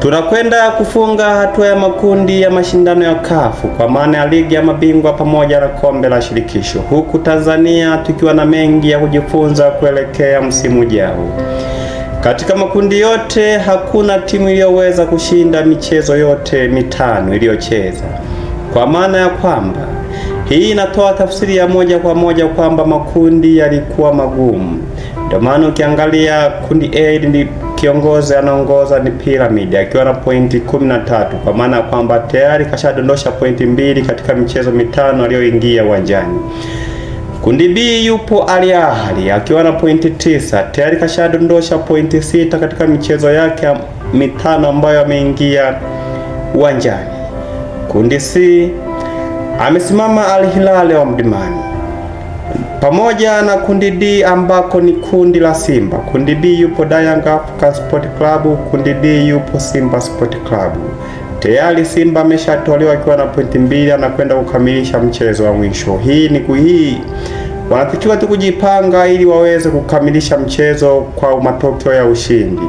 Tunakwenda kufunga hatua ya makundi ya mashindano ya kafu kwa maana ya ligi ya mabingwa pamoja na kombe la shirikisho, huku Tanzania tukiwa na mengi ya kujifunza kuelekea msimu ujao. Katika makundi yote hakuna timu iliyoweza kushinda michezo yote mitano iliyocheza, kwa maana ya kwamba hii inatoa tafsiri ya moja kwa moja kwamba makundi yalikuwa magumu. Ndio maana ukiangalia kundi A kiongozi anaongoza ni Piramidi akiwa na pointi 13 kwa maana ya kwamba tayari kashadondosha pointi mbili katika michezo mitano aliyoingia uwanjani. Kundi B yupo Al Ahly akiwa na pointi tisa tayari kashadondosha pointi sita katika michezo yake mitano ambayo ameingia uwanjani. Kundi C amesimama Al Hilal wa Mdimani pamoja na kundi D ambako ni kundi la Simba. Kundi D yupo Young African Sport Club, kundi D yupo Simba Sport Club. Tayari Simba ameshatolewa akiwa na pointi mbili, anakwenda kukamilisha mchezo wa mwisho. Hii ni hii wanatakiwa tu kujipanga ili waweze kukamilisha mchezo kwa matokeo ya ushindi.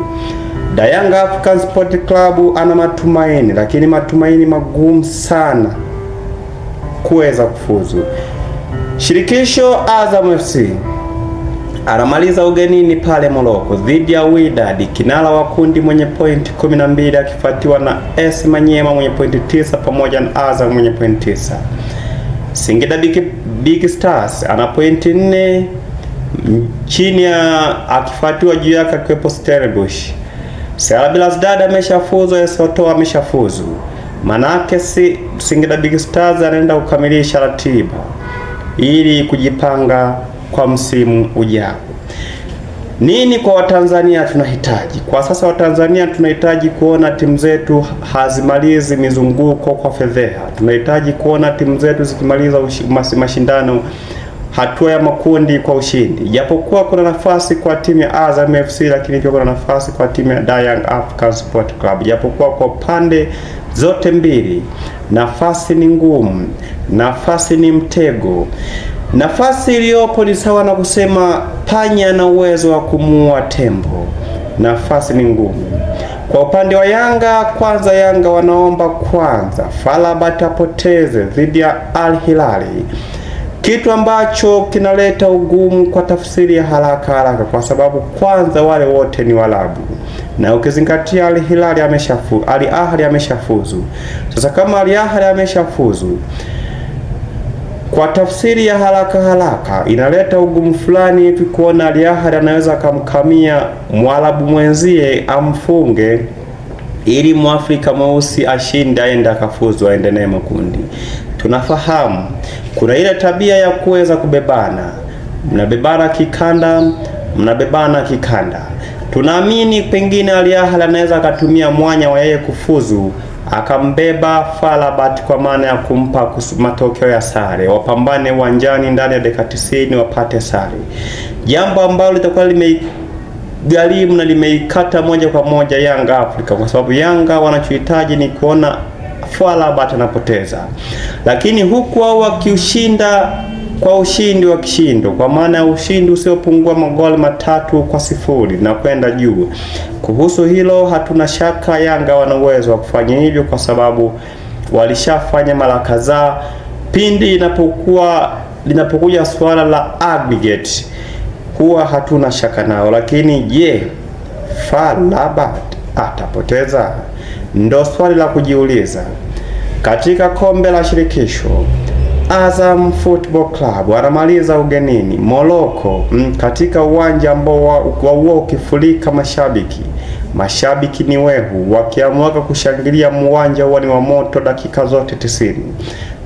Young African Sport Club ana matumaini, lakini matumaini magumu sana kuweza kufuzu. Shirikisho Azam FC anamaliza ugenini pale Moroko dhidi ya Wydad, kinara wa kundi mwenye pointi 12, akifuatiwa na AS Manyema mwenye point 9 pamoja na Azam mwenye point 9. Singida Big, Big Stars ana pointi 4 chini ya akifuatiwa juu yake akiwepo Stellenbosch. Sela Belouizdad ameshafuzu, AS ameshafuzu, manake si Singida Big Stars anaenda kukamilisha ratiba ili kujipanga kwa msimu ujao. Nini kwa Watanzania tunahitaji kwa sasa? Watanzania tunahitaji kuona timu zetu hazimalizi mizunguko kwa fedheha. Tunahitaji kuona timu zetu zikimaliza mashindano hatua ya makundi kwa ushindi. Japokuwa kuna nafasi kwa timu ya Azam FC, lakini pia kuna nafasi kwa timu ya Young African Sport Club. Japokuwa kwa pande zote mbili nafasi ni ngumu, nafasi ni mtego. Nafasi iliyopo ni sawa na kusema panya na uwezo wa kumuua tembo. Nafasi ni ngumu. Kwa upande wa Yanga, kwanza Yanga wanaomba kwanza Farabati apoteze dhidi ya Al Hilali kitu ambacho kinaleta ugumu kwa tafsiri ya haraka haraka, kwa sababu kwanza wale wote ni Waarabu na ukizingatia Al Hilal ameshafu, Al Ahly ameshafuzu. Sasa kama Al Ahly ameshafuzu kwa tafsiri ya haraka haraka inaleta ugumu fulani hivi kuona Al Ahly anaweza akamkamia Mwarabu mwenzie amfunge ili Mwafrika mweusi ashinde aende akafuzu aende naye makundi tunafahamu kuna ile tabia ya kuweza kubebana, mnabebana kikanda, mnabebana kikanda. Tunaamini pengine Al Ahly anaweza akatumia mwanya wa yeye kufuzu akambeba Falabat kwa maana ya kumpa matokeo ya sare, wapambane uwanjani ndani ya dakika 90 wapate sare, jambo ambalo litakuwa limegharimu na limeikata moja kwa moja Yanga afrika kwa sababu Yanga wanachohitaji ni kuona Faraba anapoteza, lakini huku wao wakiushinda kwa ushindi wa kishindo, kwa maana ya ushindi usiopungua magoli matatu kwa sifuri na kwenda juu. Kuhusu hilo, hatuna shaka Yanga wana uwezo wa kufanya hivyo, kwa sababu walishafanya mara kadhaa pindi inapokuwa linapokuja suala la aggregate, huwa hatuna shaka nao. Lakini je, Faraba atapoteza? Ndo swali la kujiuliza. Katika kombe la shirikisho Azam Football Club wanamaliza ugenini Morocco, mm, katika uwanja ambao huo ukifurika mashabiki. Mashabiki ni wehu, wakiamuaka kushangilia muwanja huo ni wa moto dakika zote tisini,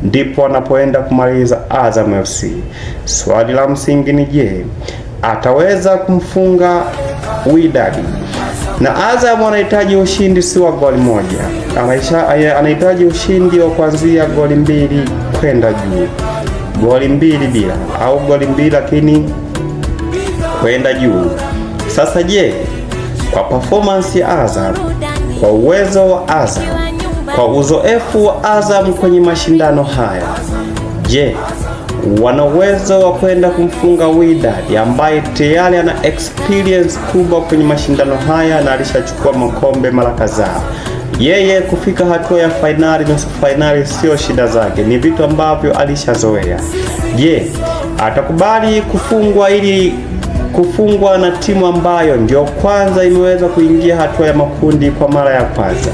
ndipo wanapoenda kumaliza Azam FC. Swali la msingi ni je, ataweza kumfunga Wydad? na Azam anahitaji ushindi si wa goli moja, anahitaji ushindi wa kuanzia goli mbili kwenda juu, goli mbili bila au goli mbili lakini kwenda juu. Sasa je, kwa performance ya Azam, kwa uwezo wa Azam, kwa uzoefu wa Azam kwenye mashindano haya, je wana uwezo wa kwenda kumfunga Wydad ambaye tayari ana experience kubwa kwenye mashindano haya na alishachukua makombe mara kadhaa. Yeye kufika hatua ya fainali, nusu fainali sio shida zake, ni vitu ambavyo alishazoea. Je, atakubali kufungwa ili kufungwa na timu ambayo ndio kwanza imeweza kuingia hatua ya makundi kwa mara ya kwanza?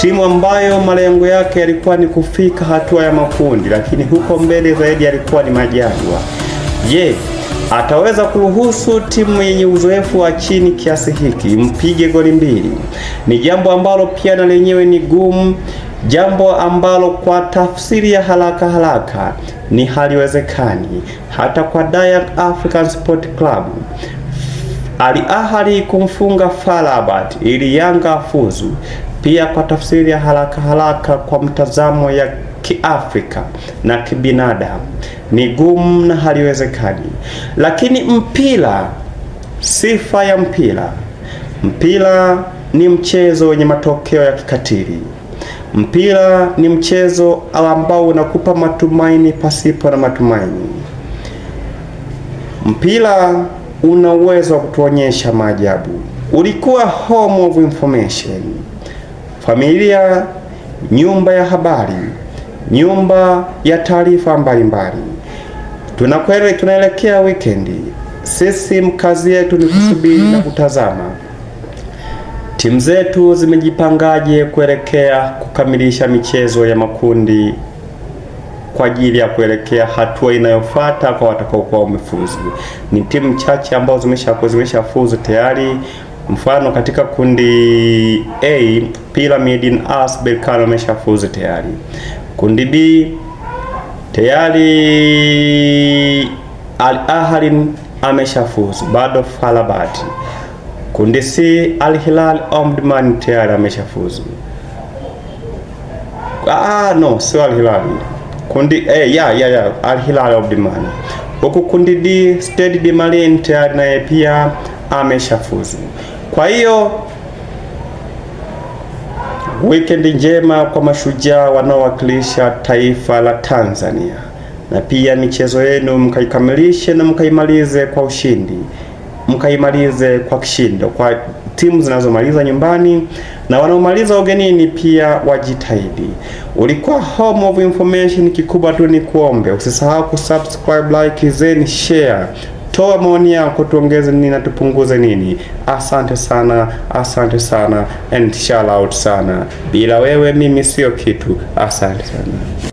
timu ambayo malengo yake yalikuwa ni kufika hatua ya makundi, lakini huko mbele zaidi yalikuwa ni majangwa. Je, ataweza kuruhusu timu yenye uzoefu wa chini kiasi hiki mpige goli mbili? Ni jambo ambalo pia na lenyewe ni gumu, jambo ambalo kwa tafsiri ya haraka haraka ni haliwezekani. Hata kwa Dayak African Sport Club aliahadi kumfunga FAR ili Yanga afuzu, pia kwa tafsiri ya haraka haraka kwa mtazamo ya kiafrika na kibinadamu ni gumu na haliwezekani, lakini mpira, sifa ya mpira, mpira ni mchezo wenye matokeo ya kikatili. Mpira ni mchezo ambao unakupa matumaini pasipo na matumaini. Mpira una uwezo wa kutuonyesha maajabu. Ulikuwa home of information familia, nyumba ya habari, nyumba ya taarifa mbalimbali. Tunakwenda, tunaelekea wikendi. Sisi mkazi yetu ni kusubiri na kutazama timu zetu zimejipangaje kuelekea kukamilisha michezo ya makundi kwa ajili ya kuelekea hatua inayofuata kwa watakaokuwa wamefuzu. Ni timu chache ambazo zimeshafuzu tayari. Mfano katika kundi A Pyramid na As Berkane wameshafuzu tayari. Kundi B tayari Al Ahly ameshafuzu, bado FAR Kundi C Al Hilal Omdurman tayari ameshafuzu. Ah, no, sio Al Hilal. Kundi eh, ya ya ya Al Hilal Omdurman. Huku kundi D Stade de Malien tayari naye pia ameshafuzu. Kwa hiyo weekend njema kwa mashujaa wanaowakilisha taifa la Tanzania, na pia michezo yenu mkaikamilishe na mkaimalize kwa ushindi, mkaimalize kwa kishindo kwa timu zinazomaliza nyumbani na wanaomaliza ugenini pia wajitahidi. Ulikuwa home of information, kikubwa tu ni kuombe usisahau kusubscribe, like, then share toa maoni yako, tuongeze nini na tupunguze nini. Asante sana, asante sana and shout out sana, bila wewe mimi sio kitu. Asante sana.